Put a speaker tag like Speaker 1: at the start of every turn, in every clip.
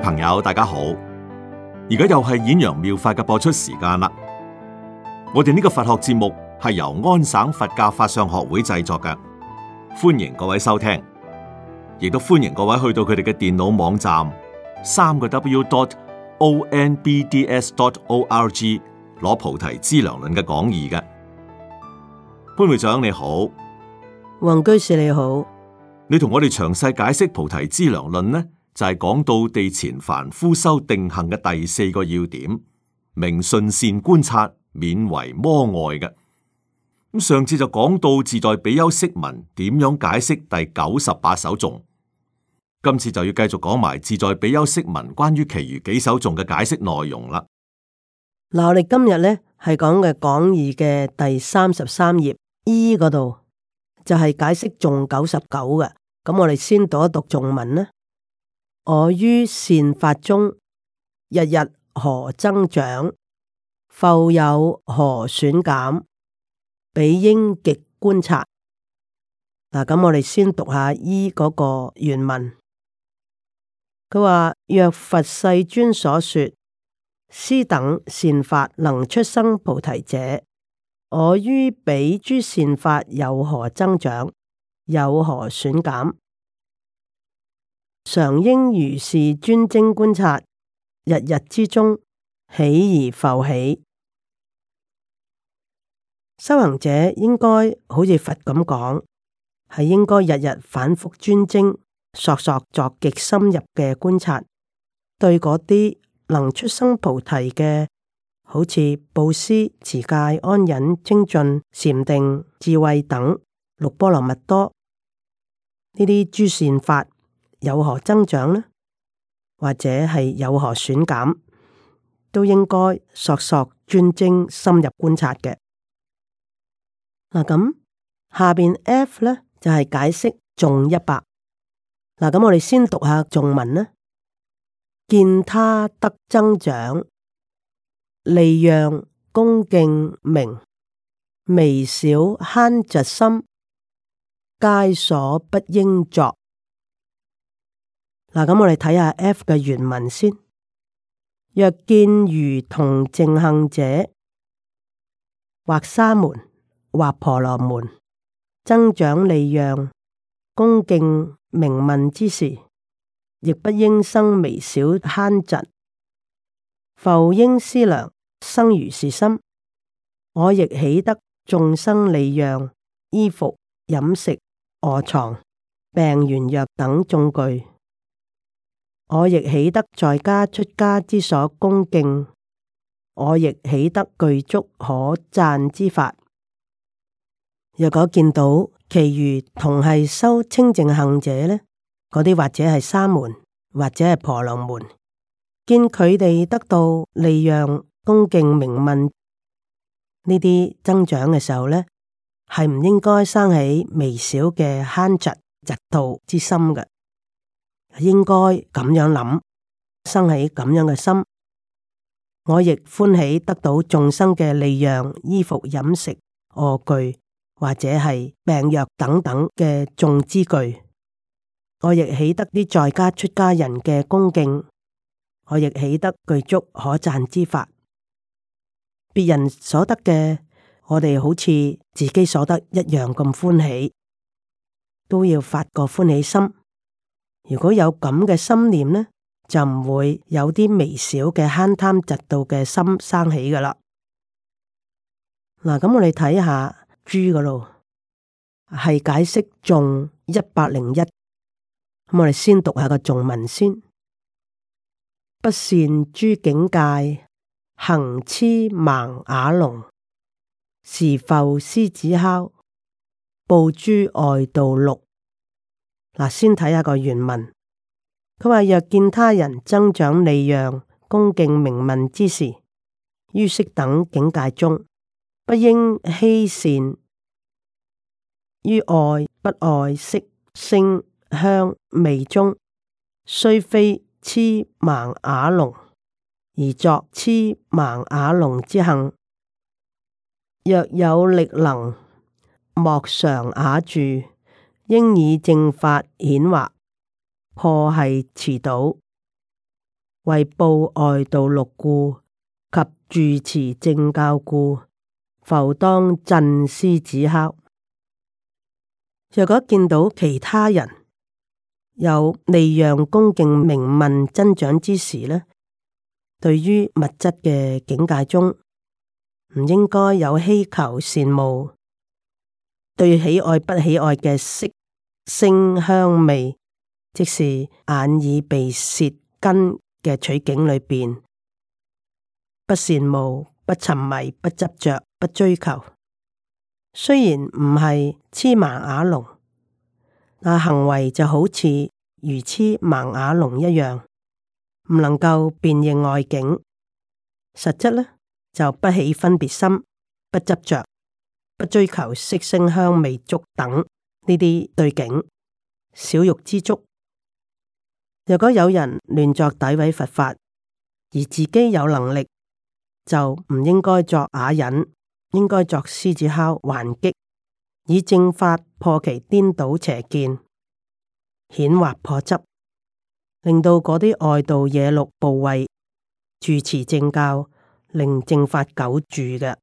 Speaker 1: 朋友，大家好！而家又係演揚妙法嘅播出時間啦。我哋呢個佛學節目係由安省佛教法相學會製作嘅，歡迎各位收聽,亦都歡迎各位去到佢哋嘅電腦網站三個 W dot O N B D S dot O R G 攞《菩提資糧論》嘅講義嘅。潘會長你好，
Speaker 2: 黃居士你好，你同
Speaker 1: 我哋詳細解釋《菩提資糧論》呢？就係講到地前凡夫修定行嘅第四個要點，明信善觀察，免為魔外嘅。咁上次就講到自在比丘釋文點樣解釋第九十八首頌，今次就要繼續講埋自在比丘釋文關於其餘幾首頌嘅解釋內容啦。
Speaker 2: 嗱，我哋今日咧係講嘅講、講義嘅第三十三頁 E 嗰度，就係、是、解釋頌九十九嘅。咁我哋先讀一讀頌文啦。我於善法中，日日何增長，復有何損減？彼應極觀察。嗱，咁我哋先讀下依嗰個原文。佢話：若佛世尊所說，施等善法能出生菩提者，我於彼諸善法有何增長，有何損減？常應如是專精觀察，日日之中起而浮起。修行者應該好似佛咁講，係應該日日反覆專精，索,索索作極深入嘅觀察。對嗰啲能出生菩提嘅，好似布施、持戒、安忍、精進、禪定、智慧等六波羅蜜多呢啲諸善法。有何增長呢？或者係有何損減，都應該索索專精深入觀察嘅。嗱、啊，咁下邊 F 咧就係、是、解釋頌一百。嗱、啊，咁我哋先讀下頌文啦。見他得增長，利養恭敬名，微小慳嫉心，皆所不應作。嗱，咁我哋睇下 F 嘅原文先。若見如同正行者，或沙門，或婆羅門，增長利養、恭敬、名聞之時，亦不應生微小慳嫉。復應思量生如是心，我亦喜得眾生利養、衣服、飲食、臥、呃、床、病緣藥等眾具。我亦喜得在家出家之所恭敬，我亦喜得具足可讚之法。若果見到其餘同係修清淨行者呢，嗰啲或者係沙門，或者係婆羅門，見佢哋得到利養、恭敬、名聞呢啲增長嘅時候呢，係唔應該生起微小嘅慳著嫉妒之心嘅。應該咁樣諗，生起咁樣嘅心，我亦歡喜得到眾生嘅利養、衣服、飲食、臥具或者係病藥等等嘅眾資具，我亦喜得啲在家出家人嘅恭敬，我亦喜得具足可讚之法，別人所得嘅，我哋好似自己所得一樣咁歡喜，都要發個歡喜心。如果有咁嘅心念呢，就唔會有啲微小嘅慳貪嫉妒嘅心生起噶啦。嗱，咁我哋睇下珠嗰度係解釋眾一百零一。咁我哋先讀下個眾文先，不善諸境界，行痴盲啞聾，是佛獅子哮，布諸外道六。先睇下個原文。佢話，若見他人增長利讓、恭敬名聞之時，於色等境界中，不應欺善；於愛不愛色聲香味中，雖非痴盲啞聾，而作痴盲啞聾之行。若有力能，莫常啞住。應以正法顯化，破系持道，為報愛道六故及住持正教故，浮當振師子吼。若果見到其他人有利讓恭敬、名聞增長之時呢？對於物質嘅境界中，唔應該有希求羨慕，對喜愛不喜愛嘅色。聲香味，即是眼耳鼻舌根嘅取景裏邊，不羨慕，不沉迷，不執着，不追求。雖然唔係痴盲啞聾，那行為就好似如痴盲啞聾一樣，唔能夠辨認外境。實質呢就不起分別心，不執着，不追求色聲香味觸等。呢啲對境，少欲知足。若果有人亂作詆毀佛法，而自己有能力，就唔應該作啞忍，應該作獅子吼還擊，以正法破其顛倒邪見，顯化破執，令到嗰啲外道野六怖畏，住持正教，令正法久住嘅。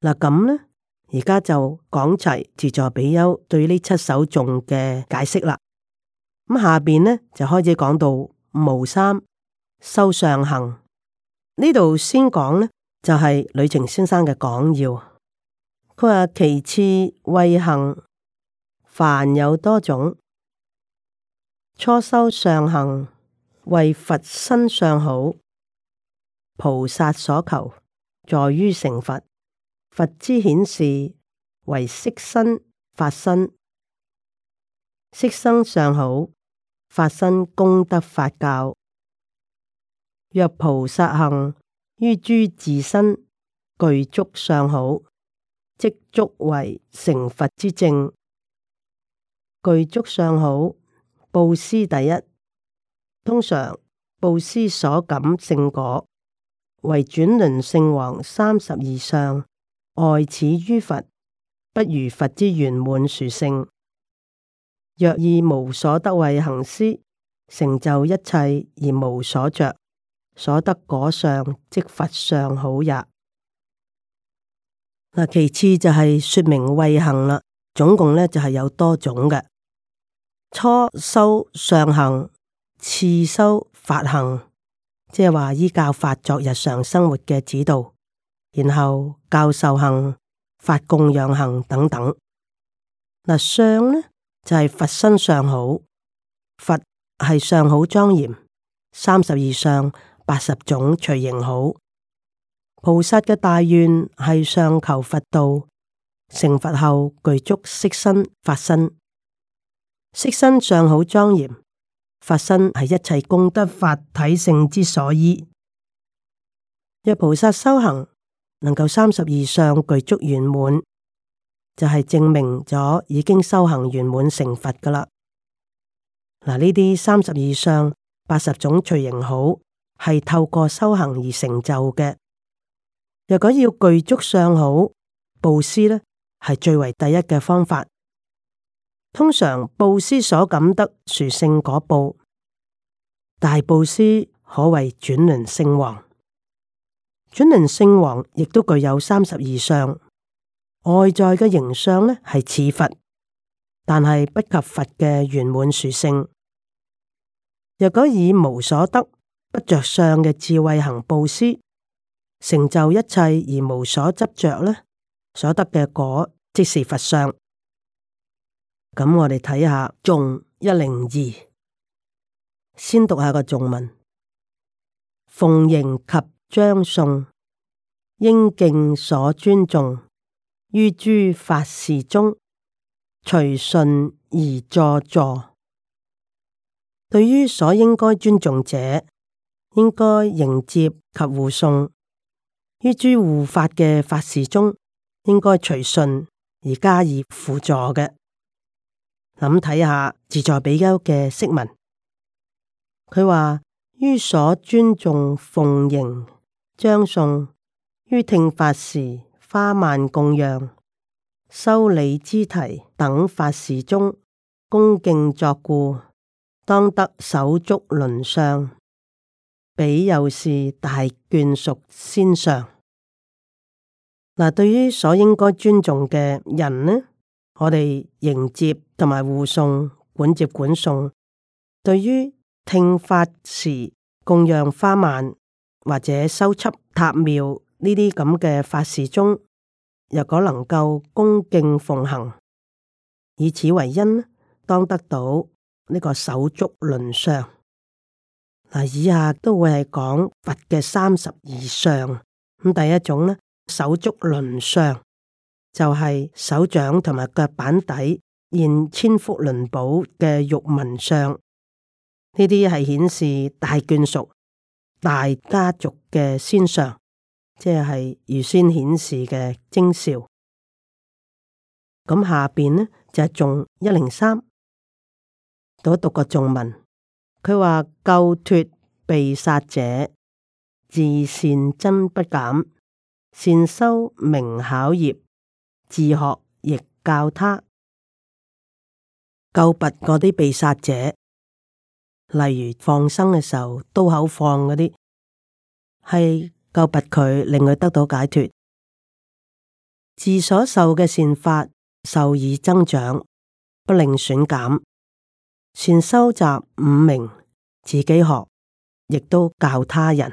Speaker 2: 嗱咁呢。而家就講齊自在比丘對呢七首頌嘅解釋啦。咁下邊呢就開始講到無三修上行呢度先講呢就係、是、呂程先生嘅講要，佢話其次為行；凡有多種，初修上行為佛身上好，菩薩所求在於成佛。佛之顯示為色身法身，色身尚好，法身功德法教。若菩薩行於諸自身具足尚好，即足為成佛之正。具足尚好，布施第一。通常布施所感聖果為轉輪聖王三十二相。愛此於佛，不如佛之圓滿殊勝。若以無所得，為行施，成就一切而無所着，所得果上即佛上好也。嗱，其次就係說明慧行啦，總共咧就係有多種嘅。初修上行，次修法行，即係話依教法作日常生活嘅指導。然後教受行、法供養行等等。嗱，相呢，就係、是、佛身上好，佛係上好莊嚴。三十二相、八十種隨形好。菩薩嘅大願係上求佛道，成佛後具足色身、法身。色身上好莊嚴，法身係一切功德法體性之所依。若菩薩修行。能夠三十二相具足圓滿，就係、是、證明咗已經修行圓滿成佛噶啦。嗱，呢啲三十二相八十種隨形好，係透過修行而成就嘅。若果要具足相好布施咧，係最為第一嘅方法。通常布施所感得殊勝果報，大布施可謂轉輪聖王。轉輪聖王亦都具有三十二相，外在嘅形象呢係似佛，但係不及佛嘅圓滿殊勝。若果以無所得、不着相嘅智慧行布施，成就一切而無所執着呢，所得嘅果即是佛相。咁我哋睇下頌一零二，先讀下個頌文，奉迎及，將送應敬所尊重，於諸法事中隨順而助助。對於所應該尊重者，應該迎接及護送於諸護法嘅法事中，應該隨順而加以輔助嘅。諗睇下自在比丘嘅釋文，佢話於所尊重奉迎。將送於聽法時花曼供養、修禮之題等法事中恭敬作故，當得手足輪相，彼又是大眷屬先上。嗱，對於所應該尊重嘅人呢，我哋迎接同埋護送、管接管送。對於聽法時供養花曼。或者修葺塔廟呢啲咁嘅法事中，若果能夠恭敬奉行，以此為因，當得到呢個手足輪相。嗱，以下都會係講佛嘅三十二相。咁第一種咧，手足輪相就係、是、手掌同埋腳板底現千輻輪寶嘅肉紋相。呢啲係顯示大眷屬。大家族嘅先相，即係預先顯示嘅徵兆。咁下邊呢就係頌一零三，讀一讀個頌文。佢話救脱被殺者，自善真不減，善修明巧業，自學亦教他。救拔嗰啲被殺者。例如放生嘅時候，刀口放嗰啲係救拔佢，令佢得到解脫。自所受嘅善法，受以增長，不令損減。善收集五明，自己學，亦都教他人。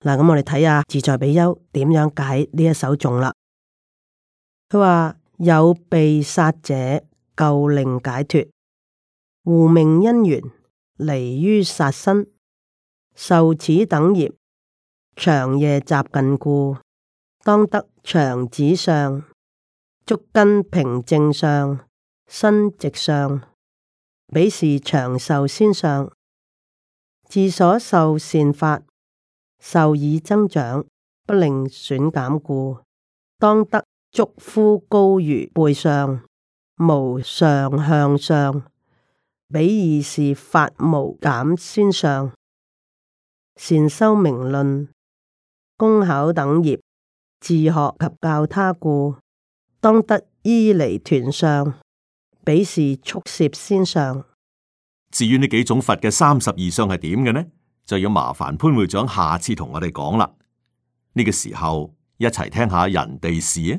Speaker 2: 嗱，咁我哋睇下自在比丘點樣解呢一首頌啦。佢話有被殺者，救令解脫。護命因緣離於殺身，受此等業，長夜習近故，當得長子相，足根平正相，身直相，彼是長壽先相。自所受善法，受以增長，不令損減故，當得足夫高如背上，無上向上。比二是法無減先上，善修明論，功考等業，自學及教他故，當得依離團上。比是速攝先上。
Speaker 1: 至於呢幾種佛嘅三十二相係點嘅呢？就要麻煩潘會長下次同我哋講啦。呢、這個時候一齊聽下人哋事啊。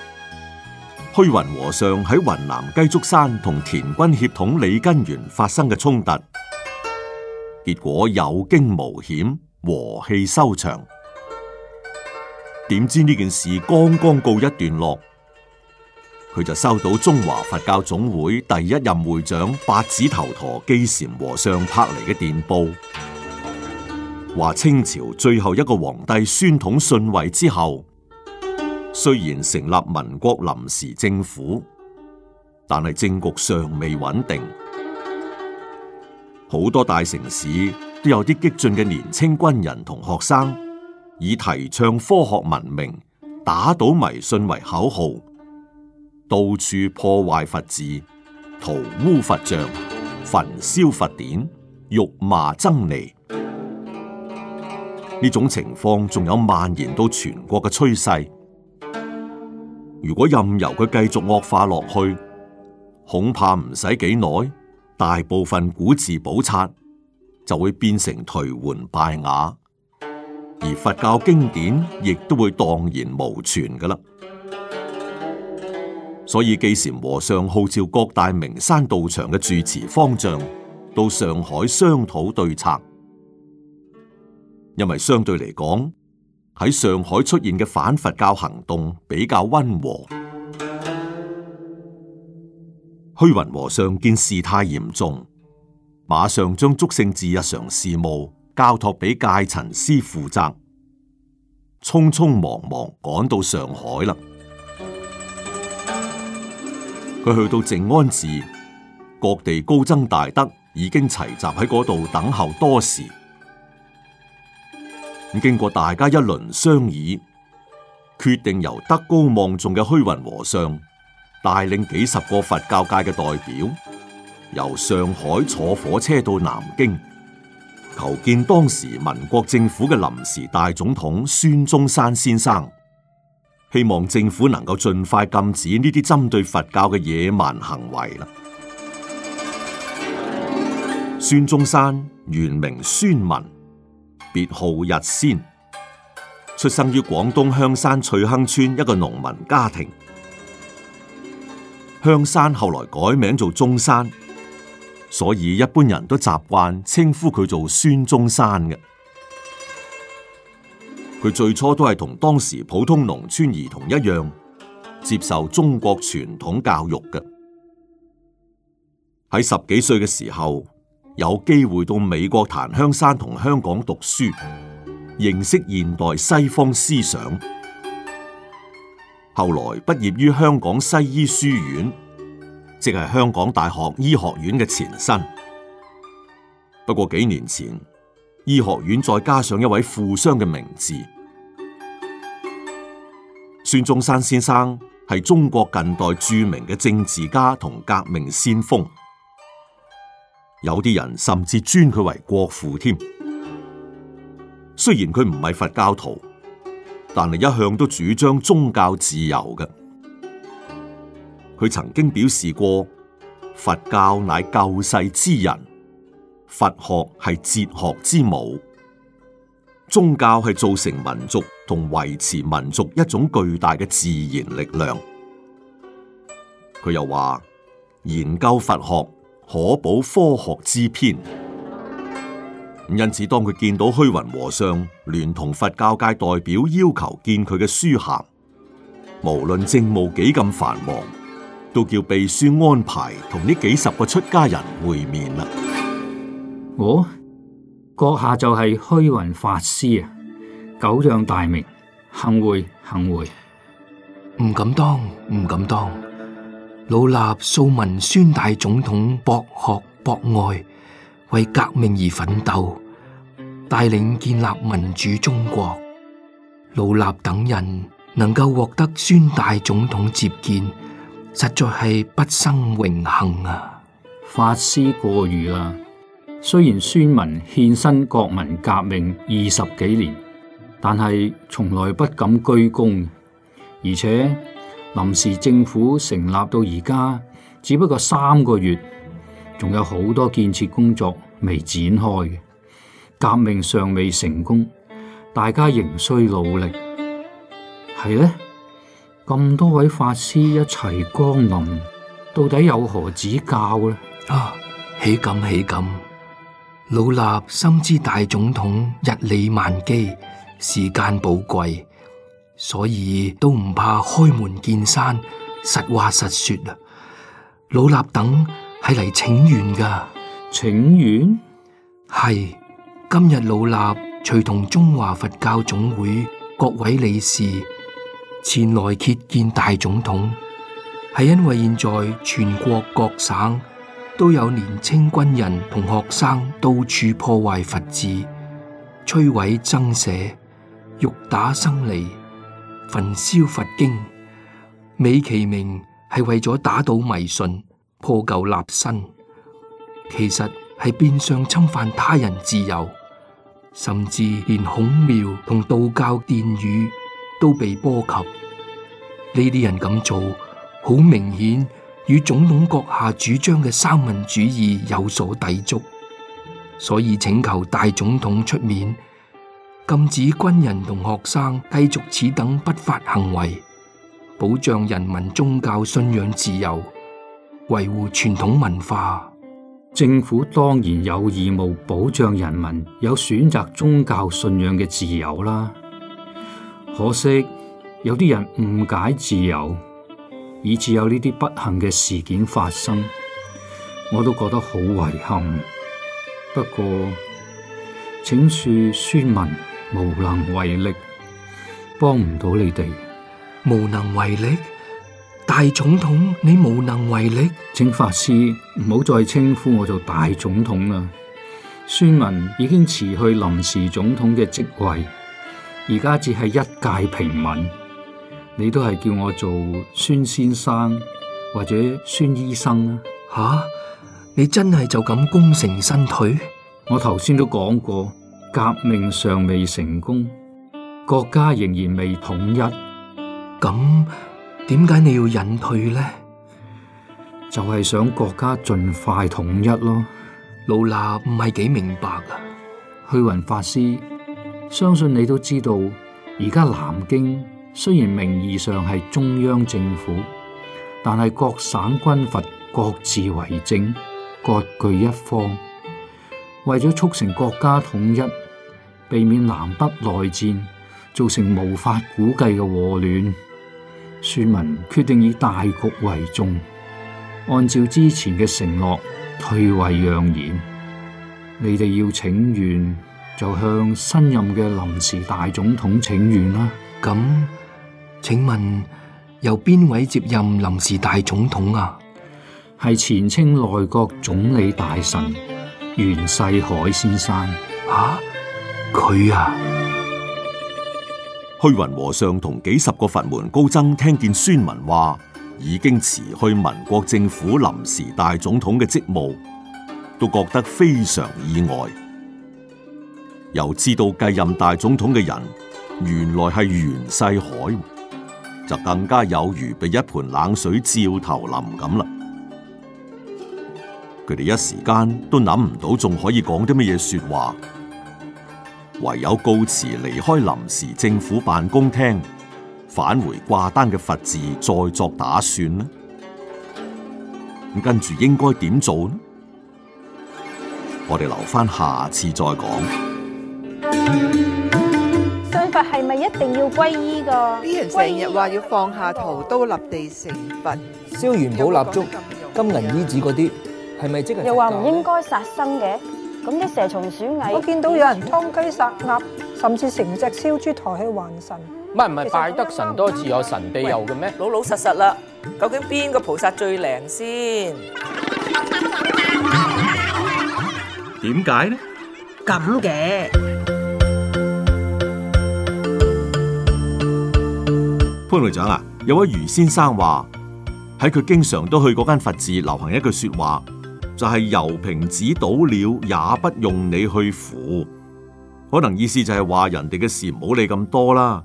Speaker 1: 虛雲和尚喺雲南雞足山同滇軍協統李根源發生嘅衝突，結果有驚無險，和氣收場。點知呢件事剛剛告一段落，佢就收到中華佛教總會第一任會長八指頭陀寄禪和尚拍嚟嘅電報，話清朝最後一個皇帝宣統遜位之後，雖然成立民國臨時政府，但係政局尚未穩定，好多大城市都有啲激進嘅年輕軍人同學生，以提倡科學文明、打倒迷信為口號，到處破壞佛寺、塗污佛像、焚燒佛典、辱罵僧尼。呢種情況仲有蔓延到全國嘅趨勢。如果任由佢繼續惡化落去，恐怕唔使幾耐，大部分古寺寶塔就會變成頹垣敗瓦，而佛教經典亦都會蕩然無存㗎喇。所以基禪和尚號召各大名山道場嘅住持方丈到上海商討對策，因為相對嚟講。喺上海出現嘅反佛教行動比較溫和。虛雲和尚見事態嚴重，馬上將祝聖寺日常事務交託俾戒塵師負責，匆匆忙忙趕到上海啦。佢去到靜安寺，各地高僧大德已經齊集喺嗰度等候多時。經過大家一輪商議，決定由德高望重嘅虛雲和尚帶領幾十個佛教界嘅代表，由上海坐火車到南京，求見當時民國政府嘅臨時大總統孫中山先生，希望政府能夠盡快禁止呢啲針對佛教嘅野蠻行為啦。孫中山原名孫文。別號逸仙，出生於廣東香山翠亨村一個農民家庭。香山後來改名做中山，所以一般人都習慣稱呼佢做孫中山嘅。佢最初都係同當時普通農村兒童一樣，接受中國傳統教育嘅。喺十幾歲嘅時候，有機會到美國檀香山同香港讀書，認識現代西方思想。後來畢業於香港西醫書院，即係香港大學醫學院嘅前身。不過幾年前，醫學院再加上一位富商嘅名字——孫中山先生，係中國近代著名嘅政治家同革命先鋒。有啲人甚至尊佢為國父添。雖然佢唔係佛教徒，但係一向都主張宗教自由嘅。佢曾經表示過，佛教乃救世之人，佛學係哲學之母，宗教係造成民族同維持民族一種巨大嘅自然力量。佢又話：研究佛學。可補科學之偏。因此當佢見到虛雲和尚聯同佛教界代表要求見佢嘅書函，無論政務幾咁繁忙，都叫秘書安排同呢幾十個
Speaker 3: 出家人會面啦。哦，閣下就係虛雲法師啊，久仰大名，幸會幸會，唔敢當唔敢當。老衲素聞孫大總統博學博愛，為革命而奮鬥，帶領建立民主中國。老衲等人能夠獲得孫大總統接見，實在係不勝榮幸啊！法師過譽啦。雖然孫文獻身國民革命二十幾年，但係從來不敢居功，而且。臨時政府成立到而家，只不過三個月，仲有好多建設工作未展開。革命尚未成功，大家仍需努力。係呢？咁多位法師一齊光臨，到底有何指教呢？啊，豈敢豈敢，老衲深知大總統日理萬機，時間寶貴。所以都唔怕開門見山，實話實說啦。老衲等係嚟請願噶。請願？係，今日老衲隨同中華佛教總會各位理事前來謁見大總統，係因為現在全國各省都有年輕軍人同學生到處破壞佛寺，摧毀僧舍，欲打僧尼。焚燒佛經，美其名係為咗打倒迷信，破舊立新，其實係變相侵犯他人自由，甚至連孔廟同道教殿宇都被波及。呢啲人咁做，好明顯與總統閣下主張嘅三民主義有所抵觸，所以請求大總統出面。禁止軍人同學生繼續此等不法行為，保障人民宗教信仰自由，維護傳統文化。政府當然有義務保障人民有選擇宗教信仰嘅自由啦。可惜有啲人誤解自由，以致有呢啲不幸嘅事件發生，我都覺得好遺憾。不過，請恕孫文。.無能為力，幫唔到你哋。無能為力，大總統，你無能為力。請法師唔好再稱呼我做大總統啦。孫文已經辭去臨時總統嘅職位，而家只係一介平民，你都係叫我做孫先生或者孫醫生啊。吓，你真係就咁功成身退？我頭先都講過。革命尚未成功，國家仍然未統一，咁點解你要引退呢？就係想國家盡快統一咯。老衲唔係幾明白啊。虛雲法師，相信你都知道，而家南京雖然名義上係中央政府，但係各省軍閥各自為政，各據一方，為咗促成國家統一。避免南北內戰造成無法估計嘅禍亂，庶民決定以大局為重，按照之前嘅承諾退位讓賢。你哋要請願就向新任嘅臨時大總統請願啦。咁，請問由邊位接任臨時大總統啊？係前清內閣總理大臣袁世凱先生。啊？
Speaker 1: 佢啊，虛雲和尚同幾十個佛門高僧聽見孫文話已經辭去民國政府臨時大總統嘅職務，都覺得非常意外。又知道繼任大總統嘅人原來係袁世凱，就更加有如被一盆冷水照頭淋咁啦。佢哋一時間都諗唔到仲可以講啲乜嘢說話。唯有告辭離開臨時政府辦公廳，返回掛單嘅佛寺，再作打算啦。咁跟住應該點做呢？我哋留翻下，下次再講。
Speaker 3: 信佛係咪一定要皈依噶？啲人成日話要放下屠刀立地成佛，燒元寶蠟燭、金銀衣紙嗰啲，係咪、啊、即係又話唔應
Speaker 2: 該殺生嘅？咁啲蛇蟲鼠蟻，我見到有人劏雞殺鴨，嗯、甚至成隻燒豬抬起還神。
Speaker 3: 唔係唔係，拜得神多似有神庇佑嘅咩？老老實實啦，究竟邊個菩薩最靈先？
Speaker 1: 點解呢？
Speaker 2: 咁嘅
Speaker 1: 潘會長啊，有位余先生話喺佢經常都去嗰間佛寺，流行一句說話。就係油瓶子倒了，也不用你去扶。可能意思就係話人哋嘅事唔好理咁多啦。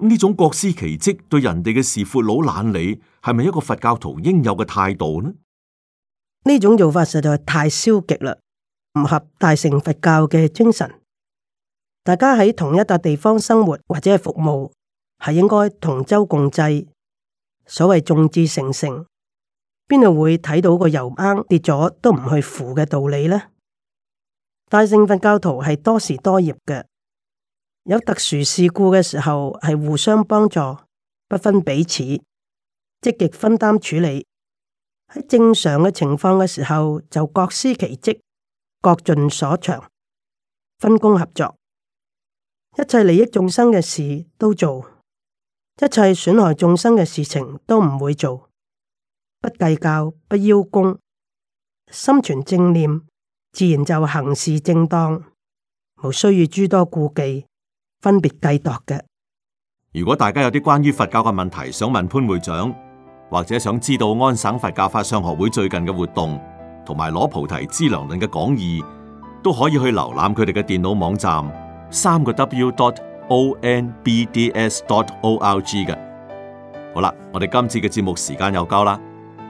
Speaker 1: 呢種各司其職，對人哋嘅事闊佬懶理，係咪一個佛教徒應有嘅態度呢？
Speaker 2: 呢種做法實在太消極啦，唔合大乘佛教嘅精神。大家喺同一笪地方生活或者係服務，係應該同舟共濟。所謂眾志成城。邊度會睇到個油盎，跌咗都唔去扶嘅道理呢？大聖佛教徒係多時多業嘅，有特殊事故嘅時候，係互相幫助，不分彼此，積極分擔處理。喺正常嘅情況嘅時候，就各司其職，各盡所長，分工合作。一切利益眾生嘅事都做，一切損害眾生嘅事情都唔會做。不計較，不邀功，心存正念，自然就行事正當，無需要諸多顧忌，分別計度嘅。
Speaker 1: 如果大家有啲關於佛教嘅問題想問潘會長，或者想知道安省佛教法商學會最近嘅活動，同埋攞菩提資糧論嘅講義，都可以去瀏覽佢哋嘅電腦網站，三個 w dot o n b d s dot o l g 嘅。好啦，我哋今次嘅節目時間又夠啦。